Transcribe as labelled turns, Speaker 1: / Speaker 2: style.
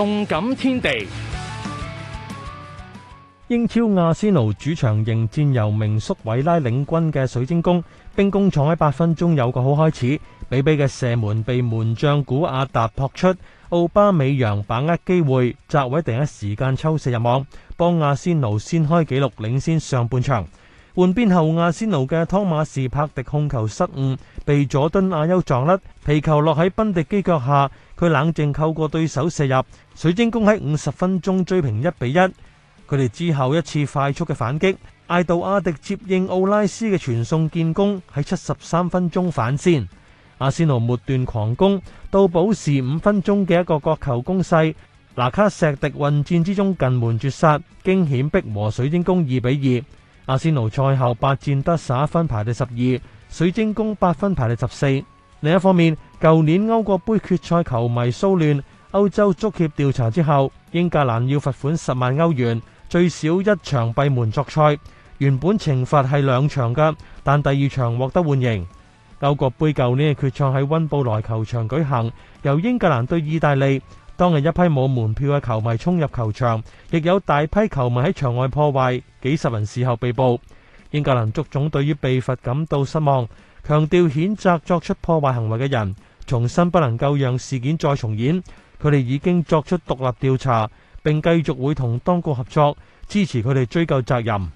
Speaker 1: 動感天地，英超阿仙奴主場迎戰由名宿韋拉領軍嘅水晶宮，兵工廠喺八分鐘有個好開始，比比嘅射門被門將古阿達撲出，奧巴美揚把握機會，扎維第一時間抽射入網，幫阿仙奴先開紀錄，領先上半場。換邊後，阿仙奴嘅湯馬士帕迪控球失誤，被佐敦阿優撞甩皮球，落喺賓迪基腳下。佢冷靜扣過對手射入水晶宮喺五十分鐘追平一比一。佢哋之後一次快速嘅反擊，艾杜阿迪接應奧拉斯嘅傳送建功喺七十三分鐘反先。阿仙奴末段狂攻到補時五分鐘嘅一個角球攻勢，拿卡石迪混戰之中近門絕殺，驚險逼和水晶宮二比二。阿仙奴賽後八戰得十一分排第十二，水晶宮八分排第十四。另一方面，舊年歐國盃決賽球迷騷亂，歐洲足協調查之後，英格蘭要罰款十萬歐元，最少一場閉門作賽。原本懲罰係兩場噶，但第二場獲得緩刑。歐國盃舊年嘅決賽喺温布萊球場舉行，由英格蘭對意大利。當日一批冇門票嘅球迷衝入球場，亦有大批球迷喺場外破壞，幾十人事後被捕。英格蘭足總對於被罰感到失望，強調譴責作出破壞行為嘅人，重申不能夠讓事件再重演。佢哋已經作出獨立調查，並繼續會同當局合作，支持佢哋追究責任。